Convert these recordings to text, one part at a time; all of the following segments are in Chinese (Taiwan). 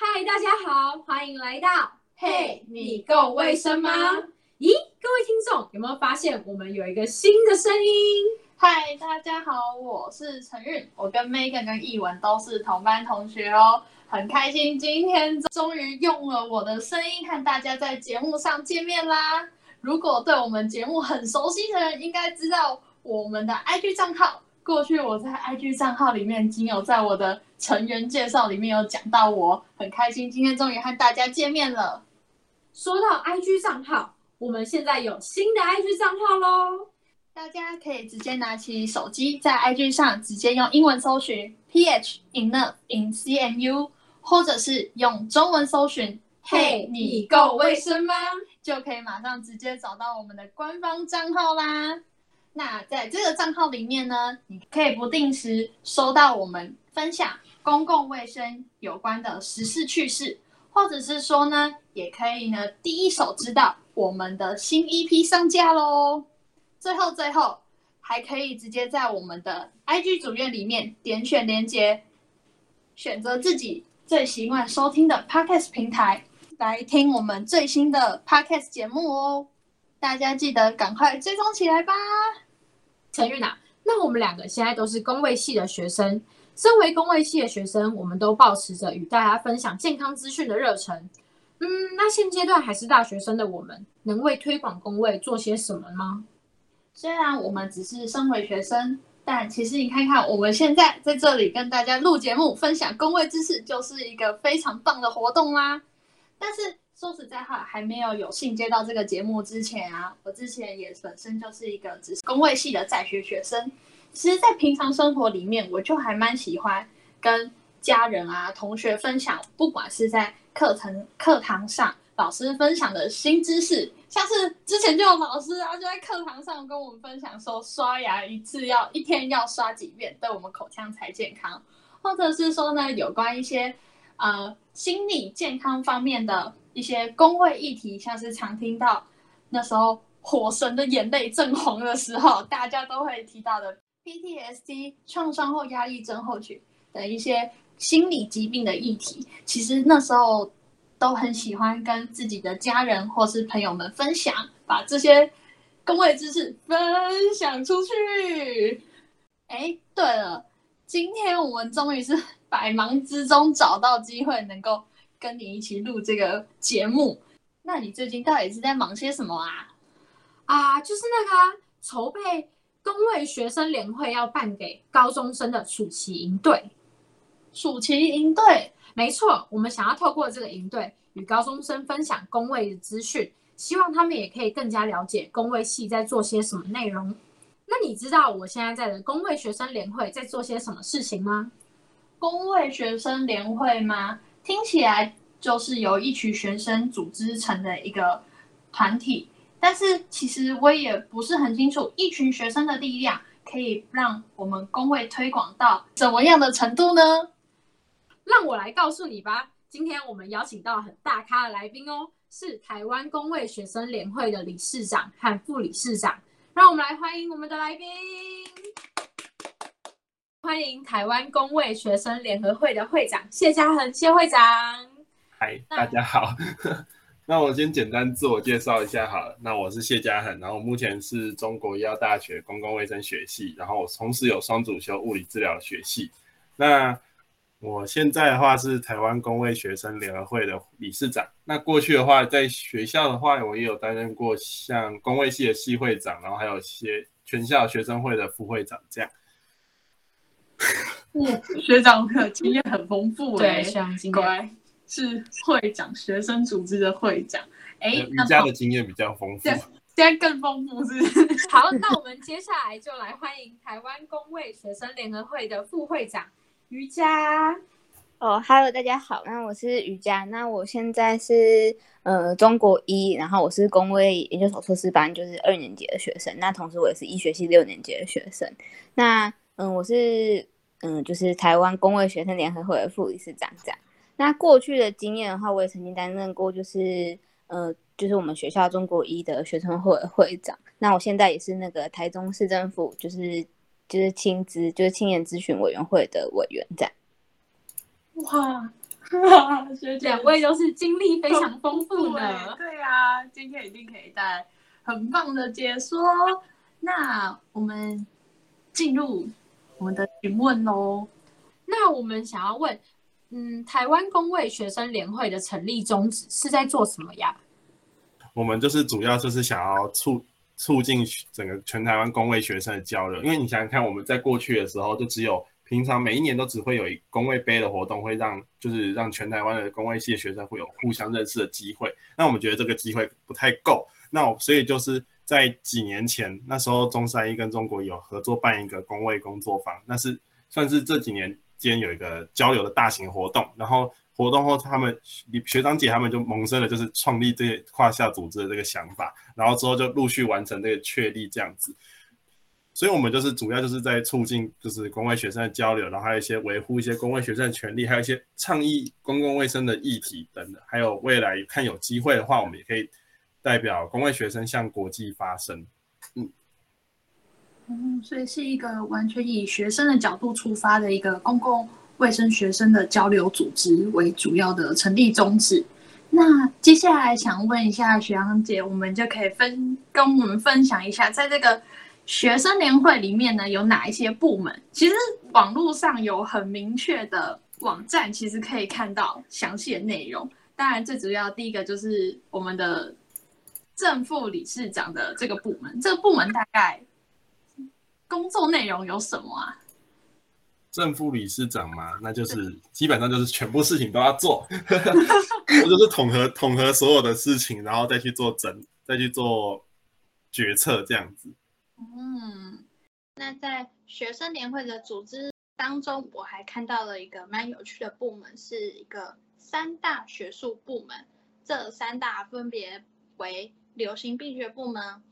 嗨，Hi, 大家好，歡迎來到《嘿，你夠衛生嗎？》咦，各位聽眾有沒有發現，我們有一個新的聲音？嗨，大家好，我是晨韻，我跟 Megan 跟鐿文都是同班同學哦，很開心，今天終於用了我的聲音和大家在節目上見面啦。如果對我們節目很熟悉的人，應該知道我們的 IG 賬號。過去我在 IG 賬號裡面，僅有在我的成員介紹裡面有講到，我很開心，今天終於和大家見面了。說到 IG 賬號，我們現在有新的 IG 賬號嘍！大家可以直接拿起手機，在 IG 上直接用英文搜尋 PH enough in, in CMU，或者是用中文搜尋 “Hey，你夠衛生嗎”，就可以馬上直接找到我們的官方賬號啦。那在這個賬號裡面呢，你可以不定時收到我們分享公共衛生有關的時事趣事，或者是說呢，也可以呢第一手知道我們的新 EP 上架嘍。最後最後，還可以直接在我們的 IG 主頁裡面點選連接，選擇自己最習慣收聽的 Podcast 平台來聽我們最新的 Podcast 節目哦。大家記得趕快追蹤起來吧。晨韻啊，那我們兩個現在都是公衛系的學生。身為公衛系的學生，我們都保持着與大家分享健康資訊的熱忱。嗯，那現階段還是大學生的我們，能為推廣公衛做些什麼嗎？雖然我們只是身為學生，但其實你看看，我們現在在這裡跟大家錄節目，分享公衛知識，就是一個非常棒的活動啦。但是說實在話，還沒有有幸接到這個節目之前啊，我之前也本身就是一個只是公衛系的在學學生。其實，在平常生活裡面，我就還蠻喜歡跟家人啊、同學分享，不管是在課程課堂上老師分享的新知識，像是之前就有老師啊就在課堂上跟我們分享說，刷牙一次要一天要刷幾遍，對我們口腔才健康，或者是說呢，有關一些呃心理健康方面的。一些公衛議題，像是常聽到那時候火神的眼淚正紅的時候，大家都會提到的 PTSD 創傷後壓力症候群等一些心理疾病的議題，其實那時候都很喜歡跟自己的家人或是朋友們分享，把這些公衛知識分享出去。哎，對了，今天我們終於是百忙之中找到機會能夠。跟你一起錄這個節目，那你最近到底是在忙些什麼啊？啊，就是那個籌備公衛學生聯會要辦給高中生的暑期營隊。暑期營隊，沒錯，我們想要透過這個營隊與高中生分享公衛的資訊，希望他們也可以更加了解公衛系在做些什麼內容。那你知道我現在在的公衛學生聯會在做些什麼事情嗎？公衛學生聯會嗎？聽起來就是由一群學生組織成的一個團體，但是其實我也不是很清楚，一群學生的力量可以讓我們公衛推廣到怎麼樣的程度呢？讓我來告訴你吧。今天我們邀請到很大咖的來賓哦，是台灣公衛學生聯會的理事長和副理事長。讓我們來歡迎我們的來賓。歡迎台灣公衛學生聯合會的會長謝佳珩，謝會長。嗨 Hi, 那，大家好。 那我先簡單自我介紹一下好了。那我是謝佳珩，然後目前是中國醫藥大學公共衛生學系，然後我同時有雙主修物理治療學系。那我現在的話是台灣公衛學生聯合會的理事長。那過去的話，在學校的話，我也有擔任過像公衛系的系會長，然後還有些全校學生會的副會長這樣。 嗯、學長的經驗很豐富哎、欸，對乖是會長 學生組織的會長。哎，於嘉的經驗比較豐富現現在更豐富是不是？好，那我們接下來就來歡迎台灣公衛學生聯合會的副會長 於嘉。哦、oh，Hello，大家好，那我是於嘉，那我現在是呃中國醫，然後我是公衛研究所碩士班，就是二年級的學生，那同時我也是醫學系六年級的學生。那嗯，我是嗯，就是台灣公衛學生聯合會的副理事長這樣。那過去的經驗的話，我也曾經擔任過，就是嗯、呃，就是我們學校中國醫的學生會的會長。那我現在也是那個台中市政府、就是，就是就是青諮，就是青年諮詢委員會的委員長。哇，哈哈，所以兩位都是經歷非常豐富的富。對啊，今天一定可以帶來很棒的解說。啊、那我們進入。我們的詢問哦，那我們想要問，嗯，台灣公衛學生聯會的成立宗旨是在做什麼呀？我們就是主要就是想要促促進整個全台灣公衛學生的交流，因為你想想看，我們在過去的時候，就只有平常每一年都只會有一公衛杯的活動，會讓就是讓全台灣的公衛系的學生會有互相認識的機會。那我們覺得這個機會不太夠，那我所以就是。在幾年前，那時候中山醫跟中國有合作辦一個公衛工作坊，那是算是這幾年間有一個交流的大型活動。然後活動後，他們學長姐他們就萌生了就是創立這些跨校組織的這個想法。然後之後就陸續完成這個確立這樣子。所以我們就是主要就是在促進就是公衛學生的交流，然後還有一些維護一些公衛學生的權利，還有一些倡議公共衛生的議題等等。還有未來看有機會的話，我們也可以。代表公衛學生向國際發聲，嗯，嗯，所以是一個完全以學生的角度出發的一個公共衛生學生的交流組織為主要的成立宗旨。那接下來想問一下學長姐，我們就可以分跟我們分享一下，在這個學生聯會裡面呢，有哪一些部門？其實網絡上有很明確的網站，其實可以看到詳細的內容。當然，最主要第一個就是我們的。正副理事長的這個部門，這個部門大概工作內容有什麼啊？正副理事長嘛，那就是基本上就是全部事情都要做， 我就是統合統合所有的事情，然後再去做整，再去做決策這樣子。嗯，那在學生聯會的組織當中，我還看到了一個蠻有趣的部門，是一個三大學術部門，這三大分別為。流行病學部門、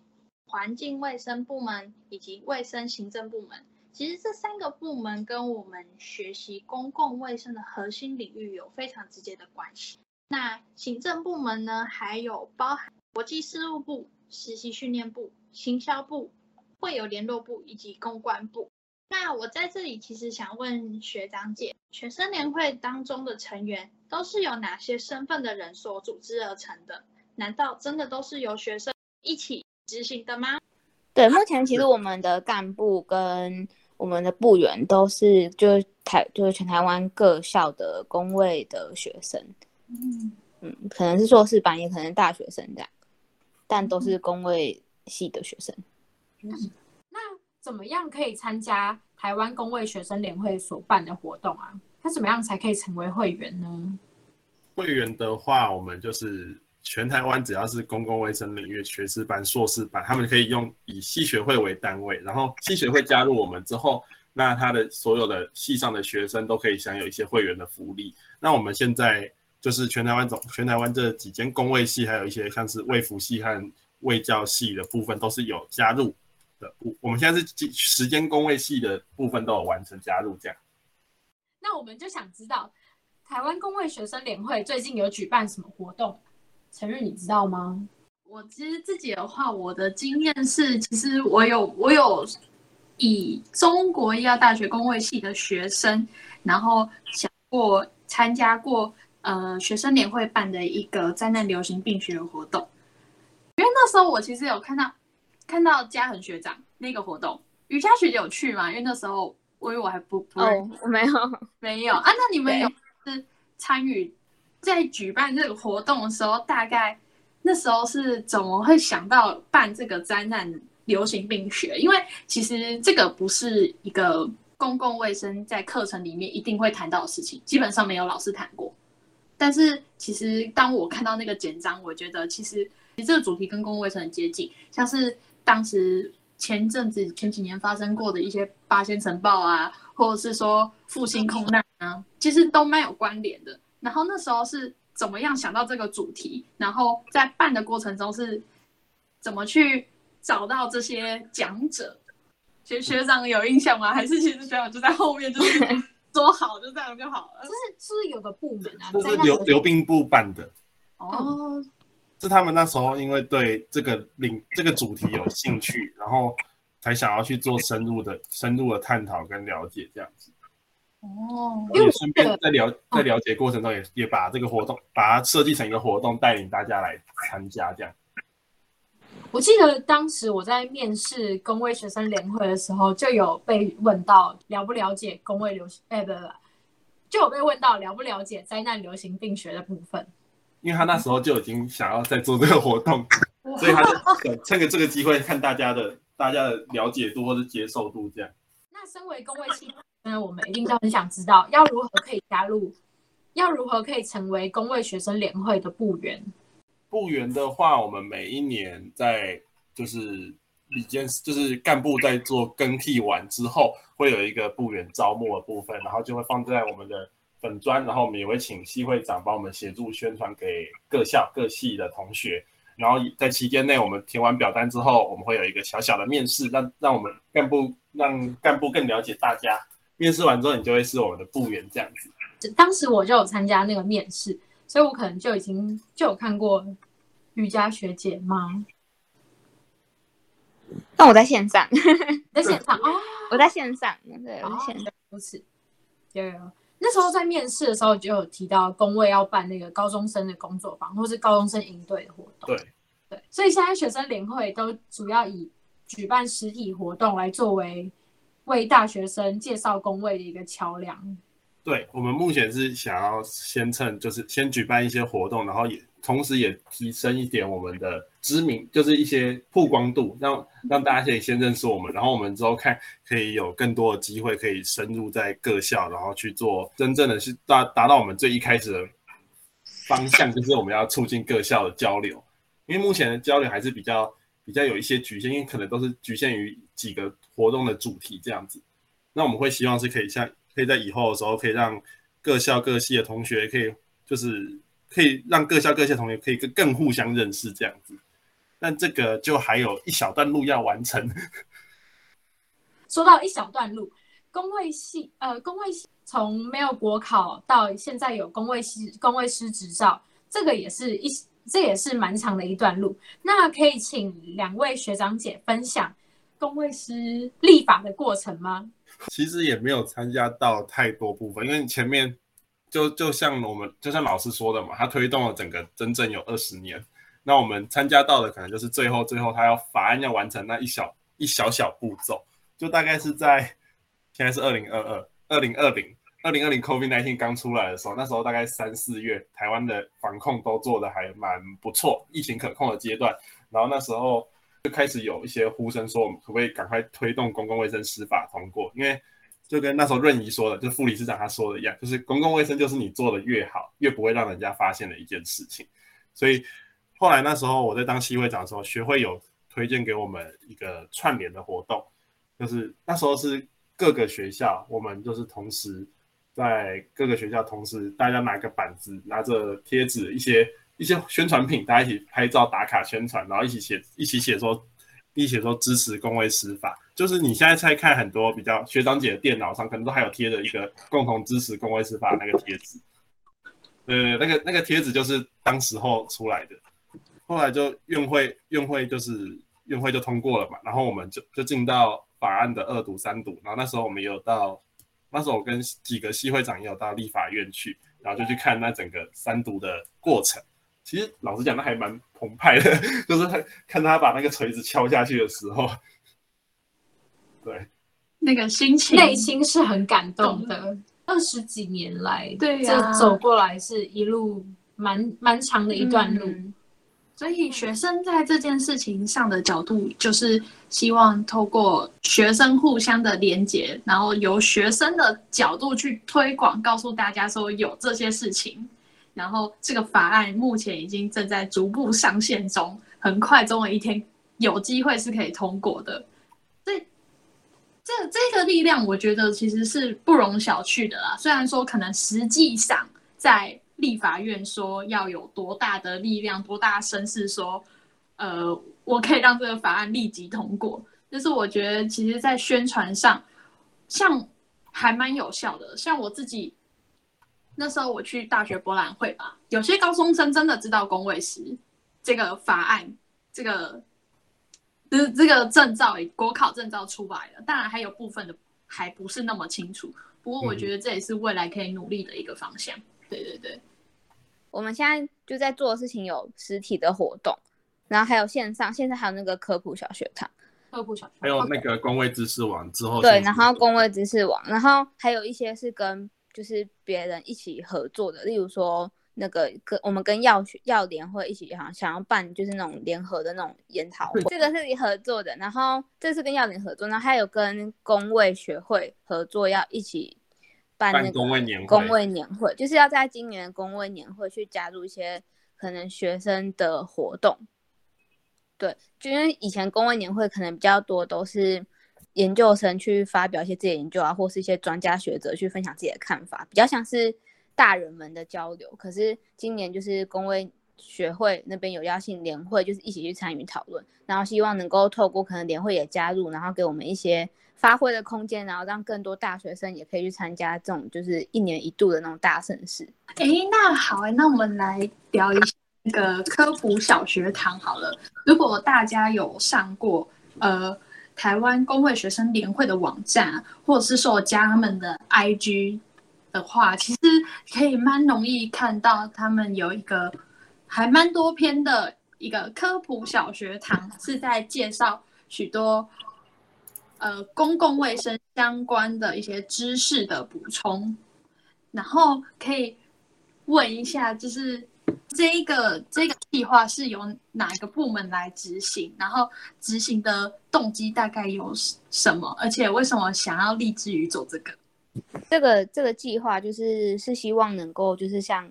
環境衛生部門以及衛生行政部門，其實這三個部門跟我們學習公共衛生的核心領域有非常直接的關係。那行政部門呢，還有包含國際事務部、實習訓練部、行銷部，會友聯絡部以及公關部。那我在這裡其實想問學長姐，學生聯會當中的成員都是由哪些身份的人所組織而成的？難道真的都是由學生一起執行的嗎？對，目前其實我們的幹部跟我們的部員都是就台就是全台灣各校的公衛的學生，嗯嗯，可能是碩士班也可能是大學生這樣，但都是公衛系的學生。嗯就是、那怎麼樣可以參加台灣公衛學生聯會所辦的活動啊？他怎麼樣才可以成為會員呢？會員的話，我們就是。全台灣只要是公共衛生領域學士班、碩士班，他們可以用以系學會為單位，然後系學會加入我們之後，那他的所有的系上的學生都可以享有一些會員的福利。那我們現在就是全台灣總全台灣這幾間公衛系，還有一些像是衛福系和衛教系的部分，都是有加入的。我我們現在是幾十間公衛系的部分都有完成加入這樣。那我們就想知道，台灣公衛學生聯會最近有舉辦什麼活動？晨韻，你知道嗎？我其實自己的話，我的經驗是，其實我有我有以中國醫藥大學公衛系的學生，然後想過參加過呃學生聯會辦的一個災難流行病學的活動，因為那時候我其實有看到看到佳珩學長那個活動，於嘉學姐有去嗎？因為那時候我以為我還不，不哦，我沒有沒有啊，那你們有是參與。在舉辦這個活動的時候，大概那時候是怎麼會想到辦這個災難流行病學？因為其實這個不是一個公共衛生在課程裡面一定會談到的事情，基本上沒有老師談過。但是其實當我看到那個簡章，我覺得其實這個主題跟公共衛生很接近，像是當時前陣子前幾年發生過的一些八仙塵爆啊，或者是說復興空難啊，其實都蠻有關聯的。然後那時候是怎麼樣想到這個主題？然後在辦的過程中是，怎麼去找到這些講者？學學長有印象嗎？還是其實學長就在後面就是說好 就這樣就好了？這是這是有個部門啊，這是，是流流病部辦的哦。是他們那時候因為對這個領這個主題有興趣，然後才想要去做深入的深入的探討跟了解這樣子。哦，也順便在了在了解過程中，也也把這個活動、哦、把它設計成一個活動，帶領大家來參加這樣。我記得當時我在面試公衛學生聯會的時候就了了、欸，就有被問到了不了解公衛流行，哎，不不，就有被問到了不了解災難流行病學的部分。因為他那時候就已經想要在做這個活動， 所以他就趁着這個機會看大家的 大家的了解度或者接受度這樣。那身為公衛系。 那我們一定都很想知道，要如何可以加入，要如何可以成為公衛學生聯會的部員。部員的話，我們每一年在就是已經就是幹部在做更替完之後，會有一個部員招募的部分，然後就會放在我們的粉專，然後我們也會請系會長幫我們協助宣傳給各校各系的同學。然後在期間內，我們填完表單之後，我們會有一個小小的面試，讓讓我們幹部讓幹部更了解大家。面試完之後，你就會是我們的部員這樣子。當時我就有參加那個面試，所以我可能就已經就有看過於嘉學姊嗎？但我在線上，在線上 哦，我在線上，對，我在線上、哦、不是。對，那時候在面試的時候就有提到，公衛要辦那個高中生的工作坊，或是高中生營隊的活動。對，對，所以現在學生聯會都主要以舉辦實體活動來作為。為大學生介紹公衛的一個橋樑。對，我們目前是想要先趁，就是先舉辦一些活動，然後也同時也提升一點我們的知名，就是一些曝光度，讓讓大家可以先認識我們，然後我們之後看可以有更多的機會，可以深入在各校，然後去做真正的去達達到我們最一開始的方向，就是我們要促進各校的交流，因為目前的交流還是比較比較有一些局限，因為可能都是局限於。幾個活動的主題這樣子，那我們會希望是可以像可以在以後的時候可以讓各校各系的同學可以就是可以讓各校各系的同學可以更更互相認識這樣子，那這個就還有一小段路要完成。說到一小段路，公衛系呃公衛從沒有國考到現在有公衛師公衛師執照，這個也是一這也是蠻長的一段路。那可以請兩位學長姐分享。公衛師立法的過程嗎？其實也沒有參加到太多部分，因為前面就就像我們就像老師說的嘛，他推動了整個真正有二十年，那我們參加到的可能就是最後最後他要法案要完成那一小一小小步驟，就大概是在現在是二零二二、二零二零、二零二零 COVID nineteen 剛出來的時候，那時候大概三四月，台灣的防控都做得還蠻不錯，疫情可控的階段，然後那時候。就開始有一些呼聲說，我們可不可以趕快推動公共衛生師法通過？因為就跟那時候潤儀說的，就副理事長他說的一樣，就是公共衛生就是你做的越好，越不會讓人家發現的一件事情。所以後來那時候我在當系會長的時候，學會有推薦給我們一個串聯的活動，就是那時候是各個學校，我們就是同時在各個學校同時，大家拿個板子，拿着貼紙一些。一些宣傳品，大家一起拍照打卡宣傳，然後一起寫，一起寫說，一起說支持公衛師法。就是你現在在看很多比較學長姐的電腦上，可能都還有貼着一個共同支持公衛師法那個貼紙，呃，那個那個貼紙就是當時候出來的，後來就院會院會就是院會就通過了嘛，然後我們就就進到法案的二讀三讀，然後那時候我們也有到，那時候我跟幾個系會長也有到立法院去，然後就去看那整個三讀的過程。其實老師講的還蠻澎湃的，就是他看他把那個錘子敲下去的時候，對，那個心情、嗯、內心是很感動的。二十、嗯、幾年來，對呀、啊，就走過來是一路蠻蠻、蠻長的一段路，嗯、所以學生在這件事情上的角度，就是希望透過學生互相的連接，然後由學生的角度去推廣，告訴大家說有這些事情。然後，這個法案目前已經正在逐步上線中，很快總有一天有機會是可以通過的。這這這個力量，我覺得其實是不容小覷的啦。雖然說可能實際上在立法院說要有多大的力量、多大聲勢，說呃，我可以讓這個法案立即通過，但是我覺得其實，在宣傳上，像還蠻有效的。像我自己。那時候我去大學博覽會吧，有些高中生真的知道公衛師這個法案，這個這這個證照國考證照出來了，當然還有部分的還不是那麼清楚。不過我覺得這也是未來可以努力的一個方向。嗯、對對對，我們現在就在做的事情有實體的活動，然後還有線上，現在還有那個科普小學堂，科普小學還有那個公衛知識網 OK 之後對，然後公衛知識網，然後還有一些是跟。就是別人一起合作的，例如說那個跟我們跟藥學藥聯會一起哈，想要辦就是那種聯合的那種研討會， 這個是合作的。然後這次跟藥聯合作，然後還有跟公衛學會合作，要一起辦那個公衛年會，辦公衛年會就是要在今年公衛年會去加入一些可能學生的活動。對，就因為以前公衛年會可能比較多都是。研究生去發表一些自己的研究啊，或是一些專家學者去分享自己的看法，比較像是大人們的交流。可是今年就是公衛學會那邊有邀請聯會，就是一起去參與討論，然後希望能夠透過可能聯會也加入，然後給我們一些發揮的空間，然後讓更多大學生也可以去參加這種就是一年一度的那種大盛事。哎、欸，那好、欸、那我們來聊一那個科普小學堂好了。如果大家有上過呃。台灣公衛學生聯會的網站，或者是說加他們的 IG 的話，其實可以蠻容易看到他們有一個還蠻多篇的一個科普小學堂，是在介紹許多呃公共衛生相關的一些知識的補充。然後可以問一下，就是。這一個這個計劃是由哪一個部門來執行？然後執行的動機大概有什麼？而且為什麼想要立志於做這個？這個這個計劃就是是希望能夠就是像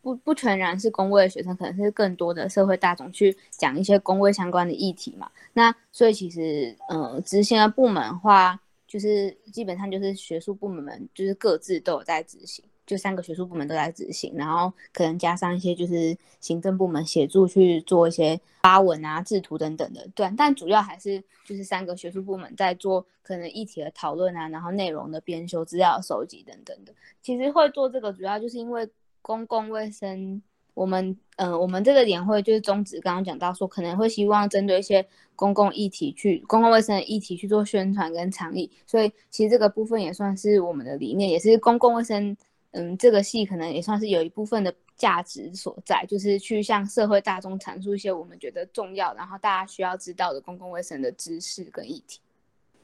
不不全然是公衛的學生，可能是更多的社會大眾去講一些公衛相關的議題嘛。那所以其實呃，執行的部門的話就是基本上就是學術部門們就是各自都有在執行。就三個學術部門都在執行，然後可能加上一些就是行政部門協助去做一些發文啊、製圖等等的。對，但主要還是就是三個學術部門在做可能議題的討論啊，然後內容的編修、資料的收集等等的。其實會做這個主要就是因為公共衛生，我們嗯、呃，我們這個年會就是宗旨剛剛講到說，可能會希望針對一些公共議題去公共衛生的議題去做宣傳跟倡議，所以其實這個部分也算是我們的理念，也是公共衛生。嗯，這個戲可能也算是有一部分的價值所在，就是去向社會大眾闡述一些我們覺得重要，然後大家需要知道的公共衛生的知識跟議題。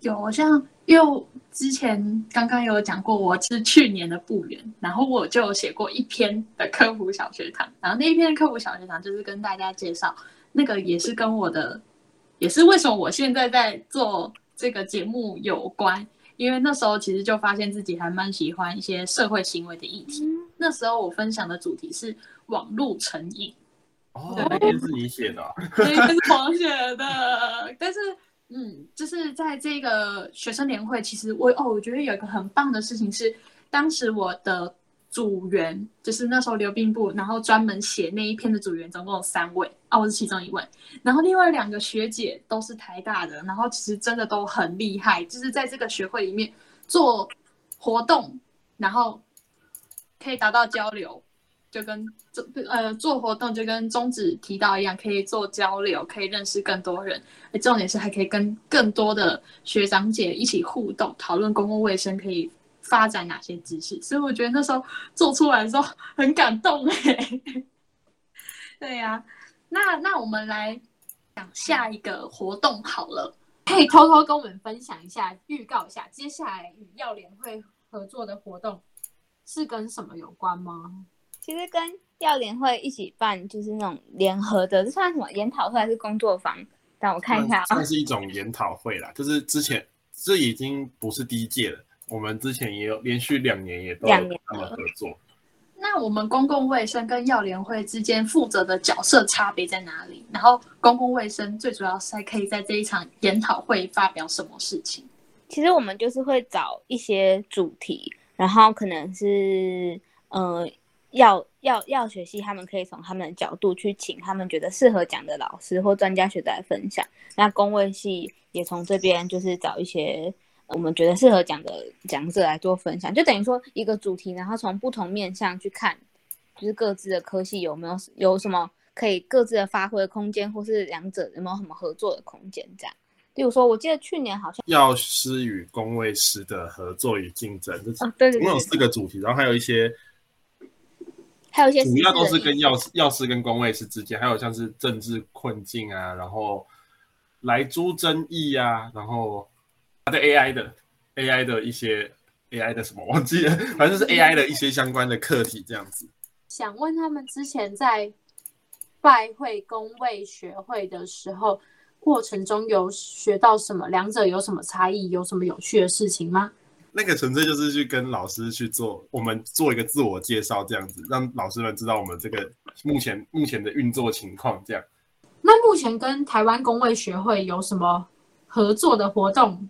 有，我像因為之前剛剛有講過，我是去年的部員，然後我就寫過一篇的科普小學堂， 然後那一篇的科普小學堂就是跟大家介紹，那個也是跟我的，也是為什麼我現在在做這個節目有關。因為那時候其實就發現自己還蠻喜歡一些社會行為的議題。嗯、那時候我分享的主題是網絡成癮，哦，對那篇是你寫的、啊？那哈，對 是我寫的。但是，嗯，就是在這個學生年會，其實我哦，我覺得有一個很棒的事情是，當時我的組員就是那時候流病部，然後專門寫那一篇的組員，總共有三位。啊，我是其中一位，然後另外兩個學姐都是台大的，然後其實真的都很厲害，就是在這個學會裡面做活動，然後可以達到交流，就跟做呃做活動就跟宗旨提到一樣，可以做交流，可以認識更多人。重點是還可以跟更多的學長姐一起互動，討論公共衛生可以發展哪些知識，所以我覺得那時候做出來的時候很感動哎、欸。 對呀、啊。那那我們來講下一個活動好了，可以偷偷跟我們分享一下，預告一下接下來與藥聯會合作的活動是跟什麼有關嗎？其實跟藥聯會一起辦就是那種聯合的，這算什麼研討會還是工作坊？讓我看一下哦，算，算是一種研討會啦。就是之前這已經不是第一屆了，我們之前也有連續兩年也都有跟他們合作。那我們公共衛生跟藥聯會之間負責的角色差別在哪裡？然後公共衛生最主要是還可以在這一場研討會發表什麼事情？其實我們就是會找一些主題，然後可能是嗯、呃，藥藥藥學系他們可以從他們的角度去請他們覺得適合講的老師或專家學者來分享。那公衛系也從這邊就是找一些。我們覺得適合講的講者來做分享，就等於說一個主題，然後從不同面向去看，就是各自的科系有沒有有什麼可以各自的發揮的空間，或是兩者有沒有什麼合作的空間，這樣。例如說，我記得去年好像藥師與公衛師的合作與競爭，這是我們有四個主題，然後還有一些，還有一些主要都是跟藥師藥師跟公衛師之間，還有像是政治困境啊，然後萊豬爭議啊，然後。的 AI 的 AI 的一些 AI 的什麼忘記了，反正就是 AI 的一些相關的課題這樣子。想問他們之前在拜會公衛學會的時候，過程中有學到什麼？兩者有什麼差異？有什麼有趣的事情嗎？那個純粹就是去跟老師去做，我們做一個自我介紹這樣子，讓老師們知道我們這個目前目前的運作情況這樣。那目前跟台灣公衛學會有什麼合作的活動？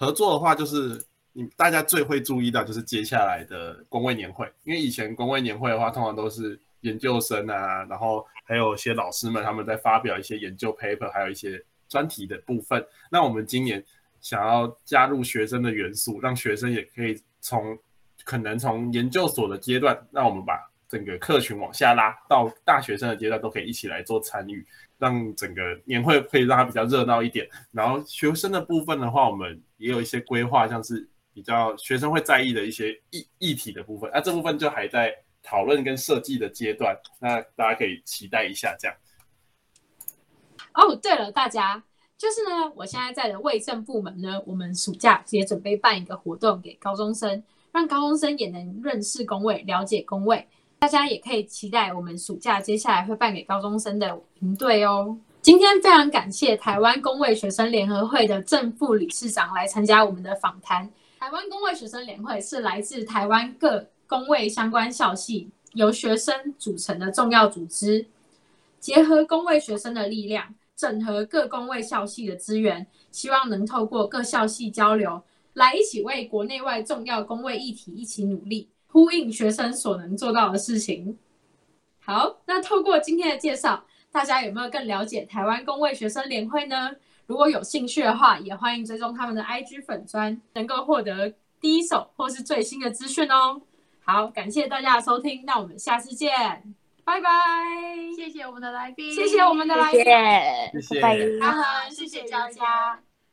合作的話，就是你大家最會注意到就是接下來的公衛年會，因為以前公衛年會的話，通常都是研究生啊，然後還有一些老師們他們在發表一些研究 paper，還有一些專題的部分。那我們今年想要加入學生的元素，讓學生也可以從可能從研究所的階段，讓我們把。整個客群往下拉到大學生的階段，都可以一起來做參與，讓整個年會可以讓它比較熱鬧一點。然後學生的部分的話，我們也有一些規劃，像是比較學生會在意的一些議議題的部分。那、啊、這部分就還在討論跟設計的階段，那大家可以期待一下這樣。哦，對了，大家就是呢，我現在在的衛生部門呢，我們暑假也準備辦一個活動給高中生，讓高中生也能認識公衛，了解公衛。大家也可以期待我們暑假接下來會辦給高中生的營隊哦。今天非常感謝台灣公衛學生聯合會的正副理事長來參加我們的訪談。台灣公衛學生聯合會是來自台灣各公衛相關校系，由學生組成的重要組織，結合公衛學生的力量，整合各公衛校系的資源，希望能透過各校系交流，來一起為國內外重要公衛議題一起努力。呼應學生所能做到的事情。好，那透過今天的介紹，大家有沒有更了解台灣公衛學生聯會呢？如果有興趣的話，也歡迎追蹤他們的 IG 粉專，能夠獲得第一手或是最新的資訊哦。好，感謝大家的收聽，那我們下次見，拜拜。謝謝我們的來賓，謝謝我們的來賓，謝謝阿恆，謝謝佳佳。